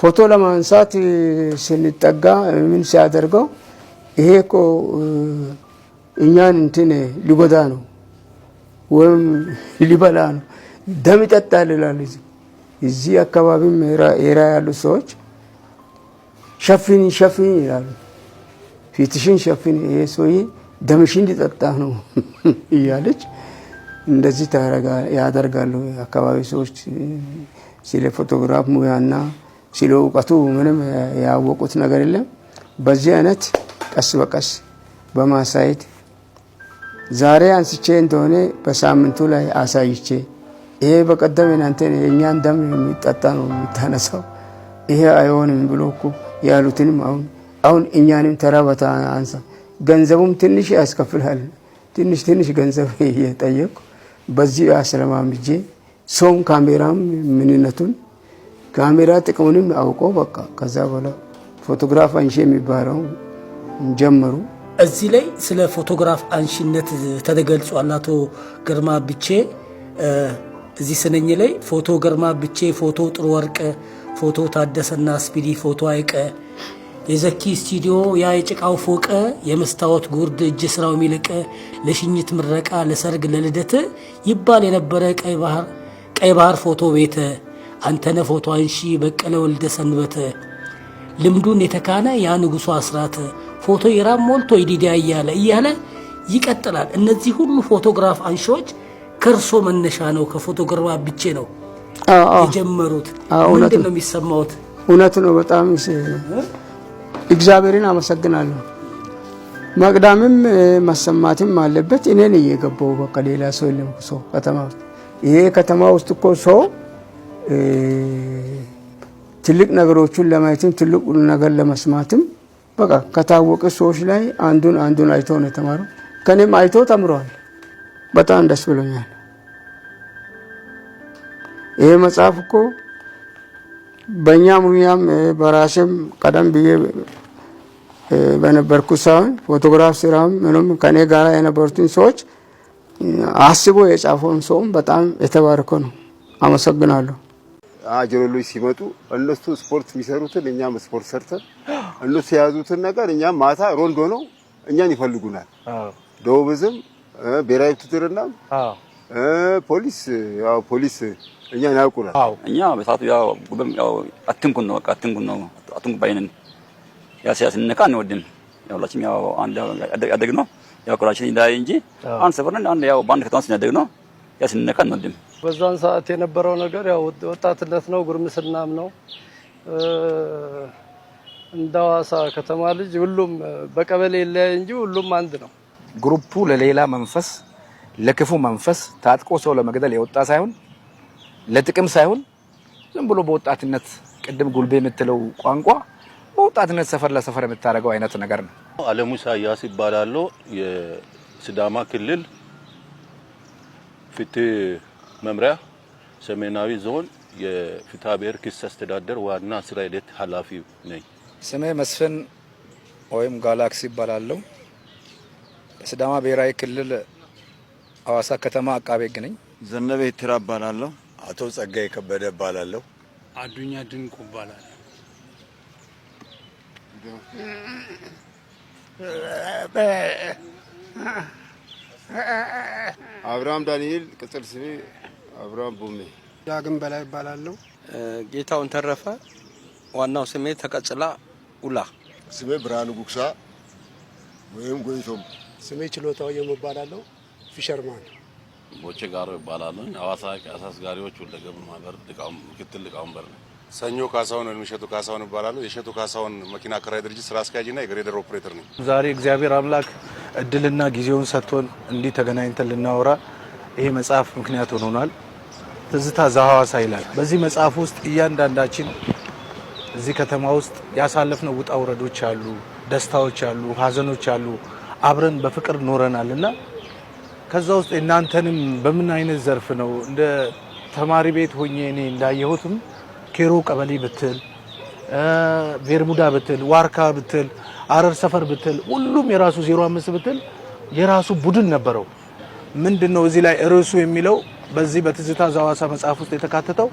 ፎቶ ለማንሳት ስንጠጋ ምን ሲያደርገው ይሄ እኮ እኛን እንትን ሊጎዳ ነው ወይም ሊበላ ነው፣ ደም ይጠጣል ይላሉ። እዚህ አካባቢም የራ ያሉ ሰዎች ሸፍን ሸፍን ይላሉ። ፊትሽን ሸፍኝ፣ ይሄ ሰውዬ ደምሽን ሊጠጣ ነው እያለች እንደዚህ ያደርጋሉ። አካባቢ ሰዎች ስለ ፎቶግራፍ ሙያና ስለ እውቀቱ ምንም ያወቁት ነገር የለም። በዚህ አይነት ቀስ በቀስ በማሳየት ዛሬ አንስቼ እንደሆነ በሳምንቱ ላይ አሳይቼ ይሄ በቀደም እናንተ የእኛን ደም የሚጠጣ ነው የምታነሳው፣ ይሄ አይሆንም ብሎ እኮ ያሉትንም አሁን አሁን እኛንም ተራ በታ አንሳ። ገንዘቡም ትንሽ ያስከፍላል ትንሽ ትንሽ ገንዘብ እየጠየቁ በዚህ አስለማምጄ ሰውም ካሜራም ምንነቱን ካሜራ ጥቅሙንም አውቆ በቃ ከዛ በኋላ ፎቶግራፍ አንሺ የሚባለው ጀመሩ። እዚህ ላይ ስለ ፎቶግራፍ አንሺነት ተገልጿል። አቶ ግርማ ብቼ እዚህ ስነኝ ላይ ፎቶ ግርማ ብቼ፣ ፎቶ ጥሩ ወርቅ፣ ፎቶ ታደሰና ስፒዲ፣ ፎቶ አይቀ የዘኪ ስቱዲዮ ያ የጭቃው ፎቀ የመስታወት ጉርድ እጅ ስራው የሚልቀ ለሽኝት ምረቃ ለሰርግ ለልደት ይባል የነበረ ቀይ ባህር ፎቶ ቤተ አንተነ ፎቶ አንሺ በቀለ ወልደ ሰንበተ ልምዱን የተካነ ያ ንጉሱ አስራተ ፎቶ ኢራም ሞልቶ ይዲዲያ እያለ እያለ ይቀጥላል። እነዚህ ሁሉ ፎቶግራፍ አንሺዎች ከእርሶ መነሻ ነው፣ ከፎቶግራፍ ብቼ ነው የጀመሩት። ምንድን ነው የሚሰማውት? እውነት ነው። በጣም እግዚአብሔርን አመሰግናለሁ። መቅዳምም መሰማትም አለበት። እኔን እየገባው በቃ ሌላ ሰው የለም። ሰው ከተማ ይሄ ከተማ ውስጥ እኮ ሰው ትልቅ ነገሮቹን ለማየትም ትልቁን ነገር ለመስማትም በቃ ከታወቀ ሰዎች ላይ አንዱን አንዱን አይቶ ነው የተማረው። ከኔም አይቶ ተምረዋል። በጣም ደስ ብሎኛል። ይሄ መጽሐፍ እኮ በእኛ ሙያም በራሴም ቀደም ብዬ በነበርኩ ሳይሆን ፎቶግራፍ ስራም ምንም ከኔ ጋር የነበሩትን ሰዎች አስቦ የጻፈውን ሰውም በጣም የተባረከ ነው። አመሰግናለሁ። አጀሎሎች ሲመጡ እነሱ ስፖርት የሚሰሩትን እኛም ስፖርት ሰርተን እነሱ የያዙትን ነገር እኛም ማታ ሮንዶ ነው እኛን ይፈልጉናል። ደቡብ ዝም ብሔራዊ ውትድርና ፖሊስ ያው ፖሊስ እኛን ያውቁናል። እኛ በሰዓቱ ያው ጉብም ያው አትንኩን ነው በቃ አትንኩን ነው አትንኩ ባይነን ያ ያስነካ አንወድም። ሁላችንም ያው አንድ ያደግነው ያው ቁራችን እንዳይ እንጂ አንድ ሰፈርን አንድ ያው በአንድ ከተማ ስናደግ ነው ያስነካ አንወድም። በዛን ሰዓት የነበረው ነገር ያው ወጣትነት ነው፣ ጉርምስናም ነው። እንደ ሀዋሳ ከተማ ልጅ ሁሉም በቀበሌ ይለያይ እንጂ ሁሉም አንድ ነው። ግሩፑ ለሌላ መንፈስ፣ ለክፉ መንፈስ ታጥቆ ሰው ለመግደል የወጣ ሳይሆን ለጥቅም ሳይሆን ዝም ብሎ በወጣትነት ቅድም ጉልቤ የምትለው ቋንቋ በወጣትነት ሰፈር ለሰፈር የምታደርገው አይነት ነገር ነው። አለሙ ኢሳያስ ይባላሉ። የሲዳማ ክልል ፍትህ መምሪያ ሰሜናዊ ዞን የፍትሐ ብሔር ክስ አስተዳደር ዋና ስራ ሂደት ኃላፊ ነኝ። ስሜ መስፍን ወይም ጋላክሲ ይባላለሁ። በስዳማ ብሔራዊ ክልል ሀዋሳ ከተማ አቃቤ ሕግ ነኝ። ዘነበ ትራ እባላለሁ። አቶ ጸጋዬ ከበደ እባላለሁ። አዱኛ ድንቁ እባላለሁ። አብርሃም ዳንኤል ቅጽል ስሜ አብርሃም ቡሜ። ዳግም በላይ ይባላለሁ። ጌታውን ተረፈ ዋናው ስሜ ተቀጽላ ኡላ። ስሜ ብርሃኑ ጉግሳ ወይም ጎይቶም። ስሜ ችሎታው የምባላለው ፊሸርማን ቦቼ ጋር ይባላሉ። አዋሳ ቀሳስ ጋሪዎች ሁለገብ ማህበር ምክትል ሊቀመንበር ነው። ሰኞ ካሳሁን ወይም እሸቱ ካሳሁን ይባላሉ። የእሸቱ ካሳሁን መኪና ክራይ ድርጅት ስራ አስኪያጅና የግሬደር ኦፕሬተር ነው። ዛሬ እግዚአብሔር አምላክ እድልና ጊዜውን ሰጥቶን እንዲህ ተገናኝተን ልናወራ ይሄ መጽሐፍ ምክንያት ሆኖናል። ትዝታ ዘሐዋሳ ይላል። በዚህ መጽሐፍ ውስጥ እያንዳንዳችን እዚህ ከተማ ውስጥ ያሳለፍነው ውጣ ውረዶች አሉ፣ ደስታዎች አሉ፣ ሀዘኖች አሉ። አብረን በፍቅር ኖረናል እና ከዛ ውስጥ እናንተንም በምን አይነት ዘርፍ ነው እንደ ተማሪ ቤት ሆኜ እኔ እንዳየሁትም ኬሮ ቀበሌ ብትል፣ ቤርሙዳ ብትል፣ ዋርካ ብትል አረር ሰፈር ብትል ሁሉም የራሱ 05 ብትል የራሱ ቡድን ነበረው። ምንድን ነው እዚህ ላይ ርዕሱ የሚለው በዚህ በትዝታ ዘሐዋሳ መጽሐፍ ውስጥ የተካተተው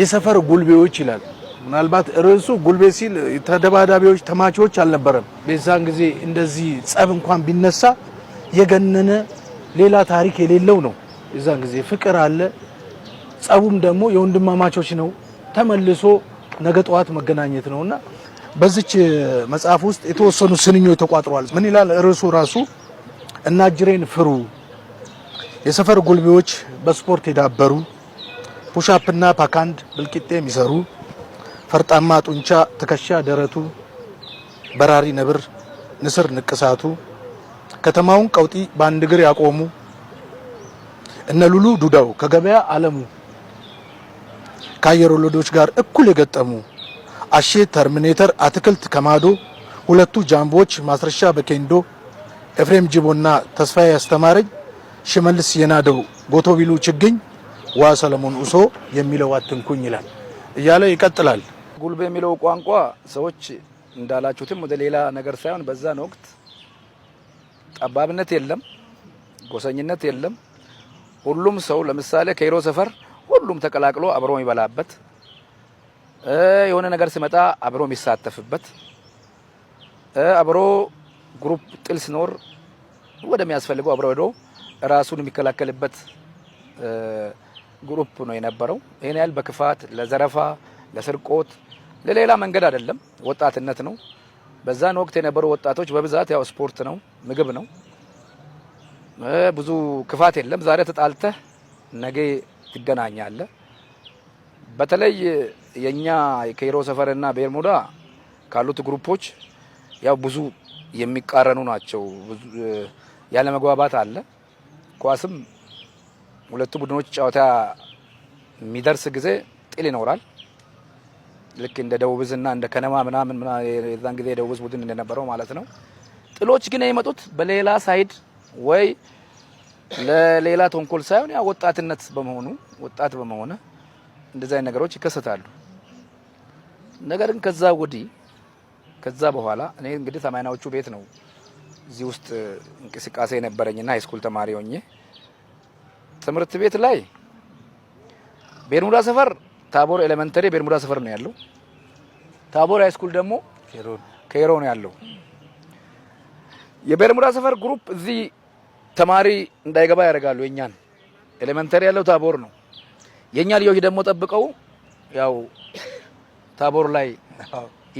የሰፈር ጉልቤዎች ይላል። ምናልባት ርዕሱ ጉልቤ ሲል ተደባዳቢዎች፣ ተማቾች አልነበረም። በዛን ጊዜ እንደዚህ ጸብ እንኳን ቢነሳ የገነነ ሌላ ታሪክ የሌለው ነው። የዛን ጊዜ ፍቅር አለ። ጸቡም ደግሞ የወንድማማቾች ነው። ተመልሶ ነገ ጠዋት መገናኘት ነውና በዚች መጽሐፍ ውስጥ የተወሰኑ ስንኞች ተቋጥረዋል። ምን ይላል ርዕሱ ራሱ እና ጅሬን ፍሩ፣ የሰፈር ጉልቤዎች በስፖርት የዳበሩ ፑሻፕና ፓካንድ ብልቂጤ የሚሰሩ ፈርጣማ ጡንቻ ትከሻ ደረቱ በራሪ ነብር ንስር ንቅሳቱ ከተማውን ቀውጢ በአንድ እግር ያቆሙ እነ ሉሉ ዱዳው ከገበያ አለሙ ከአየር ወለዶች ጋር እኩል የገጠሙ አሼ ተርሚኔተር አትክልት ከማዶ፣ ሁለቱ ጃምቦች ማስረሻ በኬንዶ፣ ኤፍሬም ጅቦና ተስፋዬ አስተማረኝ፣ ሽመልስ የናደው ቢሉ ችግኝ ዋ ሰለሞን ኡሶ የሚለው አትንኩኝ ይላል እያለ ይቀጥላል። ጉልበ የሚለው ቋንቋ ሰዎች እንዳላችሁትም ወደ ሌላ ነገር ሳይሆን በዛን ወቅት ጠባብነት የለም፣ ጎሰኝነት የለም። ሁሉም ሰው ለምሳሌ ከይሮ ሰፈር ሁሉም ተቀላቅሎ አብሮ የሚበላበት የሆነ ነገር ሲመጣ አብሮ የሚሳተፍበት አብሮ ግሩፕ ጥል ሲኖር ወደሚያስፈልገው አብሮ ሄዶ ራሱን የሚከላከልበት ግሩፕ ነው የነበረው። ይህን ያህል በክፋት ለዘረፋ፣ ለስርቆት፣ ለሌላ መንገድ አይደለም። ወጣትነት ነው። በዛን ወቅት የነበሩ ወጣቶች በብዛት ያው ስፖርት ነው፣ ምግብ ነው፣ ብዙ ክፋት የለም። ዛሬ ተጣልተህ ነገ ትገናኛለህ። በተለይ የኛ የከይሮ ሰፈርና ቤርሙዳ ካሉት ግሩፖች ያው ብዙ የሚቃረኑ ናቸው። ያለ መግባባት አለ። ኳስም ሁለቱ ቡድኖች ጨዋታ የሚደርስ ጊዜ ጥል ይኖራል። ልክ እንደ ደቡብ ዕዝ እንደ ከነማ ምናምን የዛን ጊዜ የደቡብዝ ቡድን እንደነበረው ማለት ነው። ጥሎች ግን የመጡት በሌላ ሳይድ ወይ ለሌላ ተንኮል ሳይሆን ያ ወጣትነት በመሆኑ ወጣት በመሆነ እንደዚህ አይነት ነገሮች ይከሰታሉ። ነገር ግን ከዛ ወዲህ ከዛ በኋላ እኔ እንግዲህ ሰማንያዎቹ ቤት ነው እዚህ ውስጥ እንቅስቃሴ የነበረኝና ሃይስኩል ተማሪ ሆኜ ትምህርት ቤት ላይ ቤርሙዳ ሰፈር ታቦር ኤሌመንተሪ ቤርሙዳ ሰፈር ነው ያለው። ታቦር ሃይስኩል ደግሞ ከይሮ ነው ያለው። የቤርሙዳ ሰፈር ግሩፕ እዚህ ተማሪ እንዳይገባ ያደርጋሉ። የኛን ኤሌመንተሪ ያለው ታቦር ነው። የእኛ ልጆች ደግሞ ጠብቀው ያው ታቦር ላይ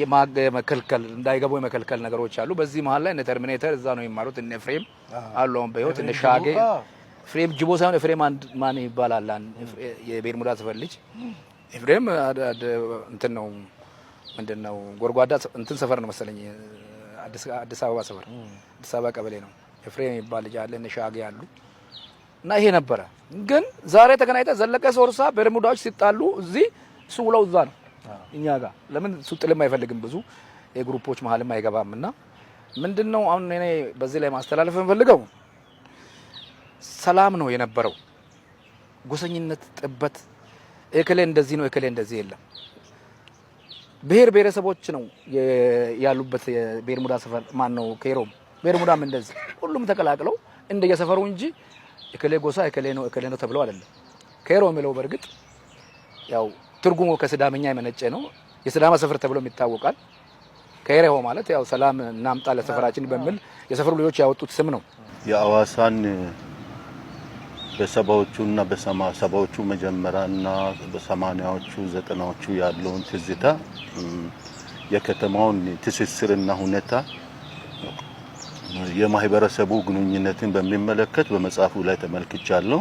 የመከልከል እንዳይገቡ የመከልከል ነገሮች አሉ። በዚህ መሀል ላይ እነ ተርሚኔተር እዛ ነው የሚማሩት፣ እነ ፍሬም አሉ አሁን በህይወት እነ ሻጌ ፍሬም ጅቦ ሳይሆን ፍሬም አንድ ማን ይባላል የቤርሙዳ ሰፈር ልጅ ፍሬም እንትን ነው ምንድን ነው ጎርጓዳ እንትን ሰፈር ነው መሰለኝ አዲስ አበባ ሰፈር አዲስ አበባ ቀበሌ ነው። ፍሬም የሚባል ልጅ አለ፣ እነ ሻጌ አሉ እና ይሄ ነበረ። ግን ዛሬ ተገናኝተ ዘለቀ ሶርሳ በርሙዳዎች ሲጣሉ እዚህ እሱ ውለው እዛ ነው እኛ ጋር ለምን ሱጥልም አይፈልግም ብዙ የግሩፖች መሀልም አይገባም። እና ምንድን ነው አሁን እኔ በዚህ ላይ ማስተላለፍ የምፈልገው ሰላም ነው የነበረው። ጎሰኝነት፣ ጥበት፣ እክሌ እንደዚህ ነው እክሌ እንደዚህ የለም። ብሔር ብሔረሰቦች ነው ያሉበት የቤርሙዳ ሰፈር ማን ነው ኬሮም፣ ቤርሙዳም እንደዚህ ሁሉም ተቀላቅለው እንደየሰፈሩ እንጂ እከሌ ጎሳ እከሌ ነው እከሌ ነው ተብሎ አይደለም። ከሮ የሚለው በእርግጥ ያው ትርጉሙ ከስዳምኛ የመነጨ ነው። የስዳማ ሰፈር ተብሎ ይታወቃል። ከሬሆ ማለት ያው ሰላም እናምጣ ለሰፈራችን በሚል የሰፈሩ ልጆች ያወጡት ስም ነው። የአዋሳን በሰባዎቹና ሰባዎቹ መጀመሪያና በሰማኒያዎቹ ዘጠናዎቹ ያለውን ትዝታ የከተማውን ትስስርና ሁኔታ የማህበረሰቡ ግንኙነትን በሚመለከት በመጽሐፉ ላይ ተመልክቻለሁ።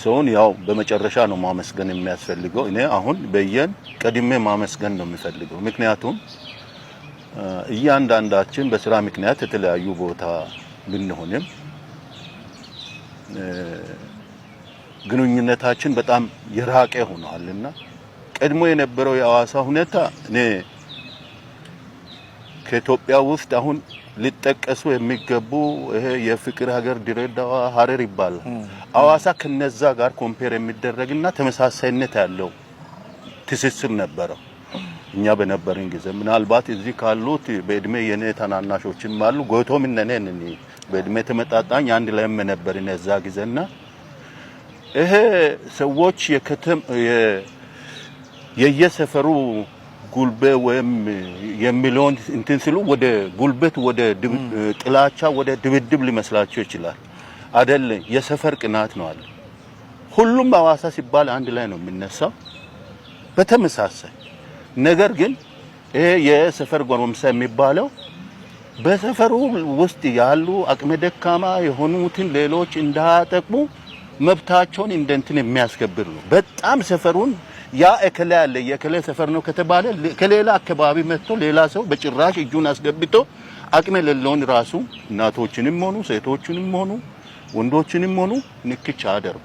ሰውን ያው በመጨረሻ ነው ማመስገን የሚያስፈልገው። እኔ አሁን በየን ቀድሜ ማመስገን ነው የሚፈልገው። ምክንያቱም እያንዳንዳችን በስራ ምክንያት የተለያዩ ቦታ ብንሆንም ግንኙነታችን በጣም የራቀ ሆኗልና ቀድሞ የነበረው የአዋሳ ሁኔታ እኔ ከኢትዮጵያ ውስጥ አሁን ሊጠቀሱ የሚገቡ ይሄ የፍቅር ሀገር ድሬዳዋ ሀረር ይባላል። አዋሳ ከነዛ ጋር ኮምፔር የሚደረግና ተመሳሳይነት ያለው ትስስር ነበረው። እኛ በነበርን ጊዜ ምናልባት እዚህ ካሉት በእድሜ የኔ ተናናሾችም አሉ። ጎቶም እነኔን በእድሜ ተመጣጣኝ አንድ ላይም ነበርን እዛ ጊዜና ይሄ ሰዎች የከተም የየሰፈሩ ጉልቤ ወይም የሚለውን እንትን ሲሉ ወደ ጉልበት ወደ ጥላቻ ወደ ድብድብ ሊመስላቸው ይችላል። አደል የሰፈር ቅናት ነው አለ። ሁሉም አዋሳ ሲባል አንድ ላይ ነው የሚነሳው በተመሳሳይ ነገር ግን ይሄ የሰፈር ጎረምሳ የሚባለው በሰፈሩ ውስጥ ያሉ አቅመ ደካማ የሆኑትን ሌሎች እንዳያጠቅሙ መብታቸውን እንደንትን የሚያስከብር ነው። በጣም ሰፈሩን ያ እከሌ አለ የእከሌ ሰፈር ነው ከተባለ ከሌላ አካባቢ መጥቶ ሌላ ሰው በጭራሽ እጁን አስገብቶ አቅም የሌለውን ራሱ እናቶችንም ሆኑ ሴቶችንም ሆኑ ወንዶችንም ሆኑ ንክቻ አደርጉ።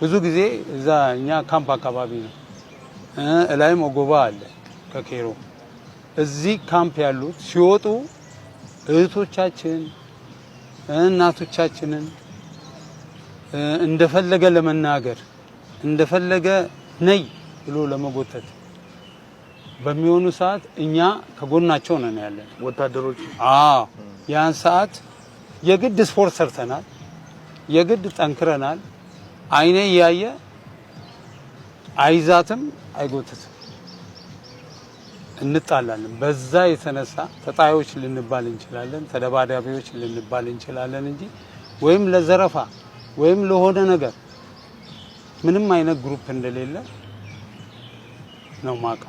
ብዙ ጊዜ እዛ እኛ ካምፕ አካባቢ ነው፣ እላይም ኦጎባ አለ ከኬሮ እዚህ ካምፕ ያሉት ሲወጡ እህቶቻችን እናቶቻችንን እንደፈለገ ለመናገር እንደፈለገ ነይ ብሎ ለመጎተት በሚሆኑ ሰዓት እኛ ከጎናቸው ነን ያለን ወታደሮች። አዎ ያን ሰዓት የግድ ስፖርት ሰርተናል፣ የግድ ጠንክረናል። አይኔ እያየ አይዛትም፣ አይጎትትም፣ እንጣላለን። በዛ የተነሳ ተጣዮች ልንባል እንችላለን፣ ተደባዳቢዎች ልንባል እንችላለን እንጂ ወይም ለዘረፋ ወይም ለሆነ ነገር ምንም አይነት ግሩፕ እንደሌለ No mark.